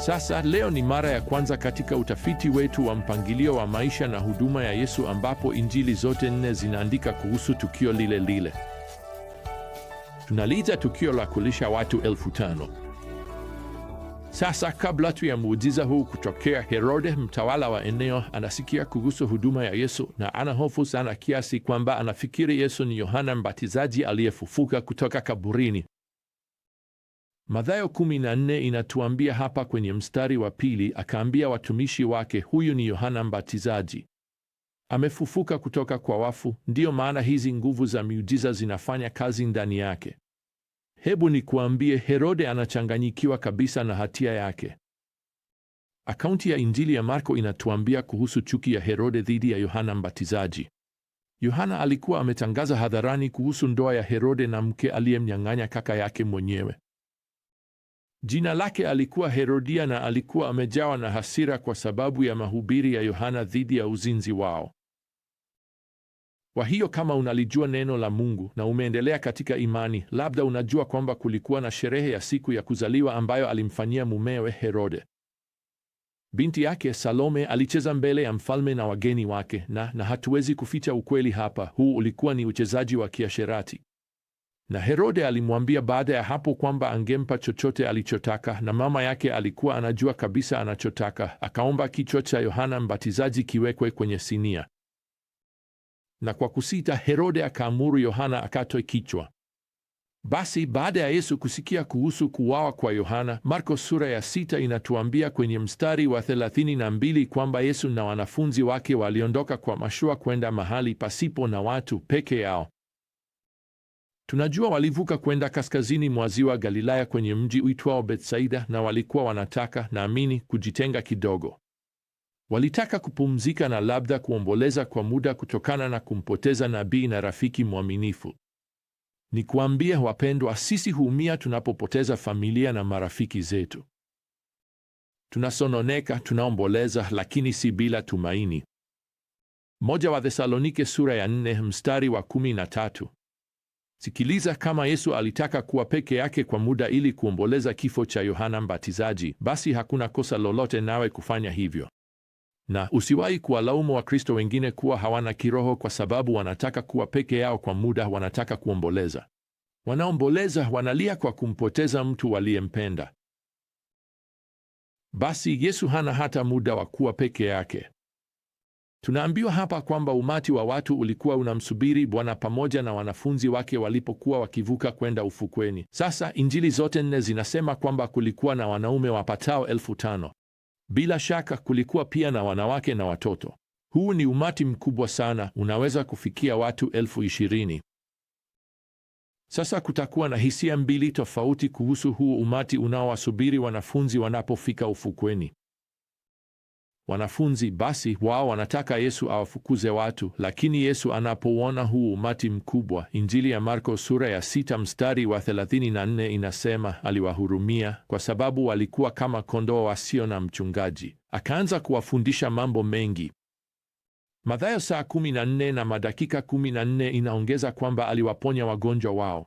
Sasa leo ni mara ya kwanza katika utafiti wetu wa mpangilio wa maisha na huduma ya Yesu ambapo injili zote nne zinaandika kuhusu tukio lile lile. Tunaliita tukio la kulisha watu elfu tano. Sasa kabla tu ya muujiza huu kutokea, Herode mtawala wa eneo anasikia kuhusu huduma ya Yesu na ana hofu sana kiasi kwamba anafikiri Yesu ni Yohana Mbatizaji aliyefufuka kutoka kaburini. Mathayo 14 inatuambia hapa kwenye mstari wa pili, akaambia watumishi wake, huyu ni Yohana Mbatizaji amefufuka kutoka kwa wafu, ndiyo maana hizi nguvu za miujiza zinafanya kazi ndani yake. Hebu nikuambie, Herode anachanganyikiwa kabisa na hatia yake. Akaunti ya Injili ya Marko inatuambia kuhusu chuki ya Herode dhidi ya Yohana Mbatizaji. Yohana alikuwa ametangaza hadharani kuhusu ndoa ya Herode na mke aliyemnyang'anya kaka yake mwenyewe. Jina lake alikuwa Herodia na alikuwa amejawa na hasira kwa sababu ya mahubiri ya Yohana dhidi ya uzinzi wao. Kwa hiyo kama unalijua neno la Mungu na umeendelea katika imani, labda unajua kwamba kulikuwa na sherehe ya siku ya kuzaliwa ambayo alimfanyia mumewe Herode. Binti yake Salome alicheza mbele ya mfalme na wageni wake, na na hatuwezi kuficha ukweli hapa, huu ulikuwa ni uchezaji wa kiasherati na Herode alimwambia baada ya hapo kwamba angempa chochote alichotaka, na mama yake alikuwa anajua kabisa anachotaka. Akaomba kichwa cha Yohana Mbatizaji kiwekwe kwenye sinia, na kwa kusita, Herode akaamuru Yohana akatwe kichwa. Basi baada ya Yesu kusikia kuhusu kuwawa kwa Yohana, Marko sura ya sita inatuambia kwenye mstari wa mbili kwamba Yesu na wanafunzi wake waliondoka kwa mashua kwenda mahali pasipo na watu peke yao. Tunajua walivuka kwenda kaskazini mwa ziwa Galilaya kwenye mji uitwao Betsaida, na walikuwa wanataka naamini, kujitenga kidogo. Walitaka kupumzika na labda kuomboleza kwa muda kutokana na kumpoteza nabii na rafiki mwaminifu. Nikwambie wapendwa, sisi huumia tunapopoteza familia na marafiki zetu. Tunasononeka, tunaomboleza, lakini si bila tumaini. Moja wa Thesalonike sura ya nne mstari wa kumi na tatu. Sikiliza, kama Yesu alitaka kuwa peke yake kwa muda ili kuomboleza kifo cha Yohana Mbatizaji, basi hakuna kosa lolote nawe kufanya hivyo. Na usiwahi kuwalaumu Wakristo wengine kuwa hawana kiroho kwa sababu wanataka kuwa peke yao kwa muda, wanataka kuomboleza. Wanaomboleza, wanalia kwa kumpoteza mtu waliyempenda. Basi Yesu hana hata muda wa kuwa peke yake. Tunaambiwa hapa kwamba umati wa watu ulikuwa unamsubiri Bwana pamoja na wanafunzi wake walipokuwa wakivuka kwenda ufukweni. Sasa Injili zote nne zinasema kwamba kulikuwa na wanaume wapatao elfu tano. Bila shaka kulikuwa pia na wanawake na watoto. Huu ni umati mkubwa sana, unaweza kufikia watu elfu ishirini. Sasa kutakuwa na hisia mbili tofauti kuhusu huu umati unaowasubiri wanafunzi wanapofika ufukweni wanafunzi, basi wao wanataka Yesu awafukuze watu, lakini Yesu anapouona huu umati mkubwa, Injili ya Marko sura ya sita mstari wa 34 inasema aliwahurumia kwa sababu walikuwa kama kondoo wasio na mchungaji, akaanza kuwafundisha mambo mengi. Mathayo saa 14 na madakika 14 inaongeza kwamba aliwaponya wagonjwa wao.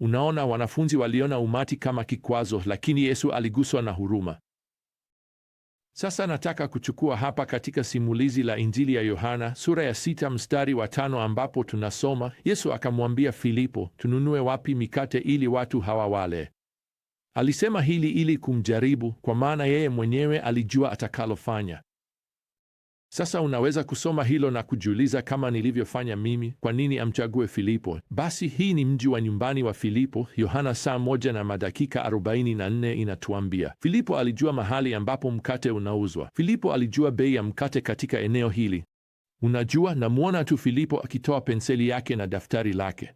Unaona, wanafunzi waliona umati kama kikwazo, lakini Yesu aliguswa na huruma. Sasa nataka kuchukua hapa katika simulizi la Injili ya Yohana sura ya sita mstari wa tano ambapo tunasoma, Yesu akamwambia Filipo, tununue wapi mikate ili watu hawa wale? Alisema hili ili kumjaribu, kwa maana yeye mwenyewe alijua atakalofanya. Sasa unaweza kusoma hilo na kujiuliza kama nilivyofanya mimi, kwa nini amchague Filipo? Basi hii ni mji wa nyumbani wa Filipo. Yohana saa moja na madakika 44 inatuambia Filipo alijua mahali ambapo mkate unauzwa. Filipo alijua bei ya mkate katika eneo hili. Unajua, namwona tu Filipo akitoa penseli yake na daftari lake.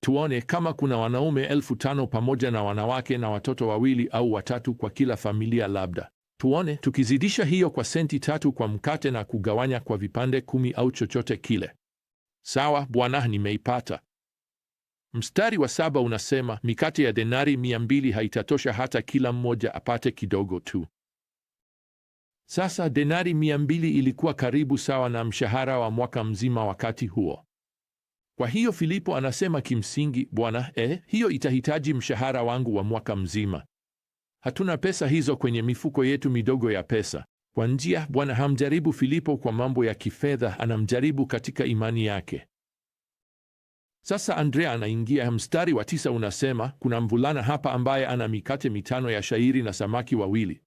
Tuone kama kuna wanaume elfu tano pamoja na wanawake na watoto wawili au watatu kwa kila familia labda Tuone tukizidisha hiyo kwa senti tatu kwa mkate na kugawanya kwa vipande kumi au chochote kile. Sawa bwana, nimeipata. Mstari wa saba unasema mikate ya denari mia mbili haitatosha hata kila mmoja apate kidogo tu. Sasa denari mia mbili ilikuwa karibu sawa na mshahara wa mwaka mzima wakati huo. Kwa hiyo Filipo anasema kimsingi, Bwana, eh, hiyo itahitaji mshahara wangu wa mwaka mzima. Hatuna pesa hizo kwenye mifuko yetu midogo ya pesa. Kwa njia, Bwana hamjaribu Filipo kwa mambo ya kifedha, anamjaribu katika imani yake. Sasa Andrea anaingia. Mstari wa tisa unasema kuna mvulana hapa ambaye ana mikate mitano ya shairi na samaki wawili.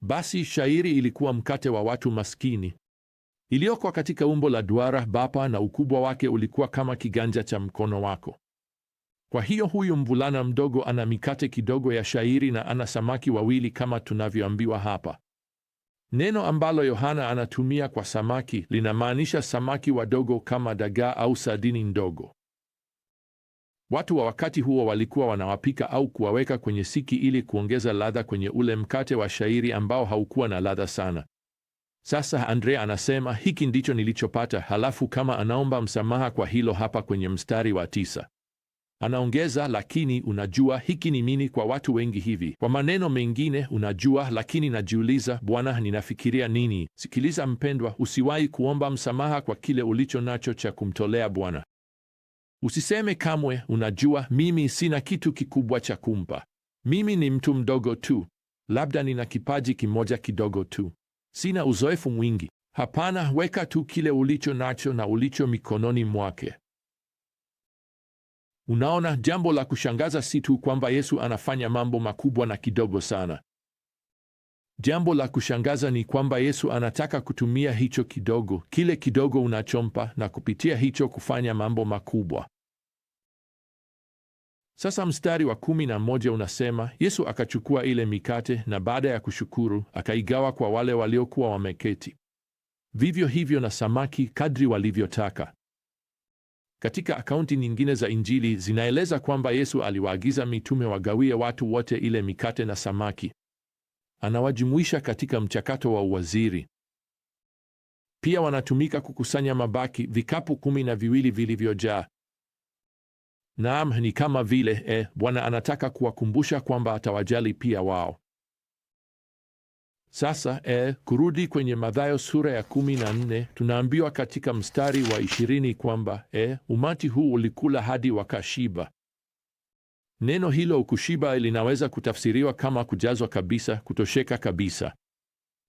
Basi shairi ilikuwa mkate wa watu maskini iliyokwa katika umbo la duara bapa, na ukubwa wake ulikuwa kama kiganja cha mkono wako. Kwa hiyo huyu mvulana mdogo ana mikate kidogo ya shairi na ana samaki wawili kama tunavyoambiwa hapa. Neno ambalo Yohana anatumia kwa samaki linamaanisha samaki wadogo kama dagaa au sadini ndogo. Watu wa wakati huo walikuwa wanawapika au kuwaweka kwenye siki ili kuongeza ladha kwenye ule mkate wa shairi ambao haukuwa na ladha sana. Sasa Andrea anasema hiki ndicho nilichopata, halafu kama anaomba msamaha kwa hilo hapa kwenye mstari wa tisa. Anaongeza, lakini unajua hiki ni nini kwa watu wengi hivi. Kwa maneno mengine, unajua, lakini najiuliza, Bwana, ninafikiria nini? Sikiliza mpendwa, usiwahi kuomba msamaha kwa kile ulicho nacho cha kumtolea Bwana. Usiseme kamwe, unajua, mimi sina kitu kikubwa cha kumpa, mimi ni mtu mdogo tu, labda nina kipaji kimoja kidogo tu, sina uzoefu mwingi. Hapana, weka tu kile ulicho nacho na ulicho mikononi mwake. Unaona, jambo la kushangaza si tu kwamba Yesu anafanya mambo makubwa na kidogo sana. Jambo la kushangaza ni kwamba Yesu anataka kutumia hicho kidogo, kile kidogo unachompa, na kupitia hicho kufanya mambo makubwa. Sasa mstari wa kumi na moja unasema Yesu akachukua ile mikate na baada ya kushukuru akaigawa kwa wale waliokuwa wameketi, vivyo hivyo na samaki kadri walivyotaka. Katika akaunti nyingine za Injili zinaeleza kwamba Yesu aliwaagiza mitume wagawie watu wote ile mikate na samaki. Anawajumuisha katika mchakato wa uwaziri. Pia wanatumika kukusanya mabaki, vikapu kumi na viwili vilivyojaa. Naam, ni kama vile e Bwana anataka kuwakumbusha kwamba atawajali pia wao. Sasa e, kurudi kwenye Mathayo sura ya kumi na nne tunaambiwa katika mstari wa ishirini kwamba e, umati huu ulikula hadi wakashiba. Neno hilo ukushiba linaweza kutafsiriwa kama kujazwa kabisa, kutosheka kabisa.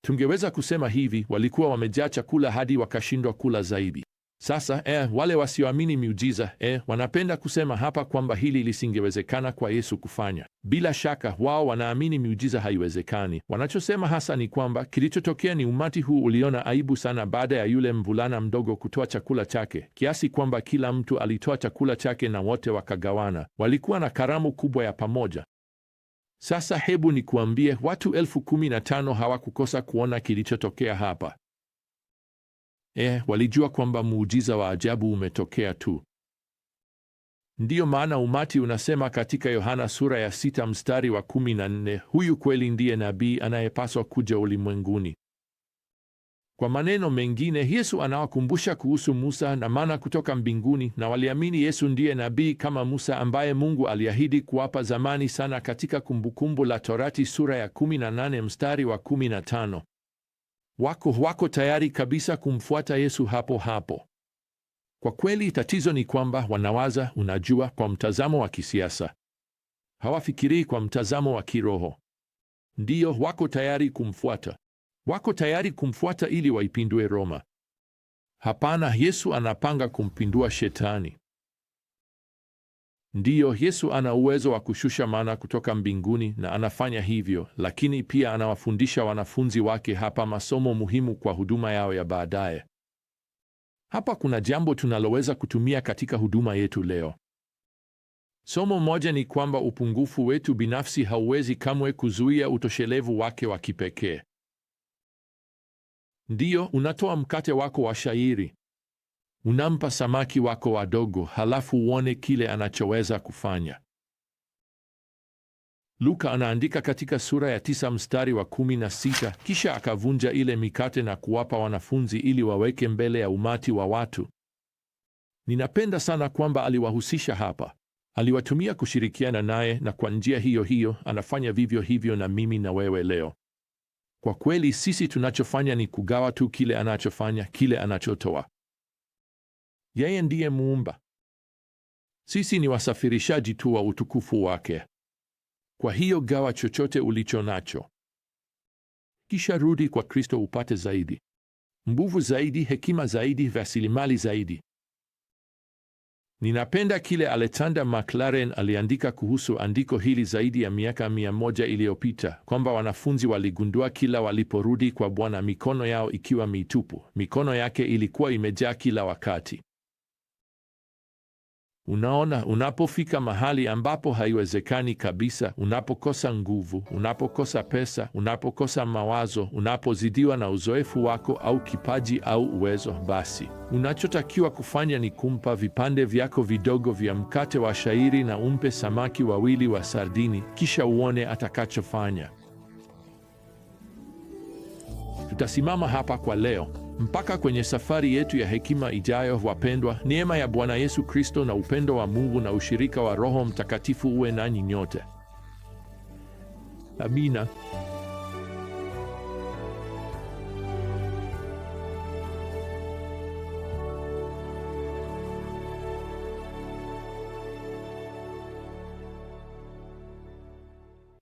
Tungeweza kusema hivi, walikuwa wamejaa chakula hadi wakashindwa kula zaidi. Sasa eh, wale wasioamini miujiza eh, wanapenda kusema hapa kwamba hili lisingewezekana kwa Yesu kufanya. Bila shaka wao wanaamini miujiza haiwezekani. Wanachosema hasa ni kwamba kilichotokea ni umati huu uliona aibu sana baada ya yule mvulana mdogo kutoa chakula chake, kiasi kwamba kila mtu alitoa chakula chake na wote wakagawana. Walikuwa na karamu kubwa ya pamoja. Sasa hebu nikuambie, watu elfu kumi na tano hawakukosa kuona kilichotokea hapa. E, walijua kwamba muujiza wa ajabu umetokea tu. Ndiyo maana umati unasema katika Yohana sura ya sita mstari wa kumi na nne, huyu kweli ndiye nabii anayepaswa kuja ulimwenguni. Kwa maneno mengine, Yesu anawakumbusha kuhusu Musa na mana kutoka mbinguni, na waliamini Yesu ndiye nabii kama Musa ambaye Mungu aliahidi kuwapa zamani sana katika Kumbukumbu la Torati sura ya 18 mstari wa 15 wako wako tayari kabisa kumfuata Yesu hapo hapo. Kwa kweli, tatizo ni kwamba wanawaza, unajua, kwa mtazamo wa kisiasa. Hawafikirii kwa mtazamo wa kiroho. Ndiyo, wako tayari kumfuata, wako tayari kumfuata ili waipindue Roma. Hapana, Yesu anapanga kumpindua Shetani. Ndiyo, Yesu ana uwezo wa kushusha mana kutoka mbinguni na anafanya hivyo, lakini pia anawafundisha wanafunzi wake hapa masomo muhimu kwa huduma yao ya baadaye. Hapa kuna jambo tunaloweza kutumia katika huduma yetu leo. Somo moja ni kwamba upungufu wetu binafsi hauwezi kamwe kuzuia utoshelevu wake wa kipekee. Ndiyo, unatoa mkate wako wa shayiri, Unampa samaki wako wadogo, halafu uone kile anachoweza kufanya. Luka anaandika katika sura ya tisa mstari wa kumi na sita kisha akavunja ile mikate na kuwapa wanafunzi ili waweke mbele ya umati wa watu. Ninapenda sana kwamba aliwahusisha hapa, aliwatumia kushirikiana naye, na kwa njia hiyo hiyo anafanya vivyo hivyo na mimi na wewe leo. Kwa kweli, sisi tunachofanya ni kugawa tu kile anachofanya, kile anachotoa. Yeye ndiye muumba, sisi ni wasafirishaji tu wa utukufu wake. Kwa hiyo gawa chochote ulicho nacho, kisha rudi kwa Kristo upate zaidi, nguvu zaidi, hekima zaidi, rasilimali zaidi. Ninapenda kile Alexander McLaren aliandika kuhusu andiko hili zaidi ya miaka mia moja iliyopita kwamba wanafunzi waligundua kila waliporudi kwa Bwana mikono yao ikiwa mitupu, mikono yake ilikuwa imejaa kila wakati. Unaona, unapofika mahali ambapo haiwezekani kabisa, unapokosa nguvu, unapokosa pesa, unapokosa mawazo, unapozidiwa na uzoefu wako au kipaji au uwezo, basi unachotakiwa kufanya ni kumpa vipande vyako vidogo vya mkate wa shairi na umpe samaki wawili wa sardini, kisha uone atakachofanya. Tutasimama hapa kwa leo. Mpaka kwenye safari yetu ya hekima ijayo, wapendwa, neema ya Bwana Yesu Kristo na upendo wa Mungu na ushirika wa Roho Mtakatifu uwe nanyi nyote. Amina.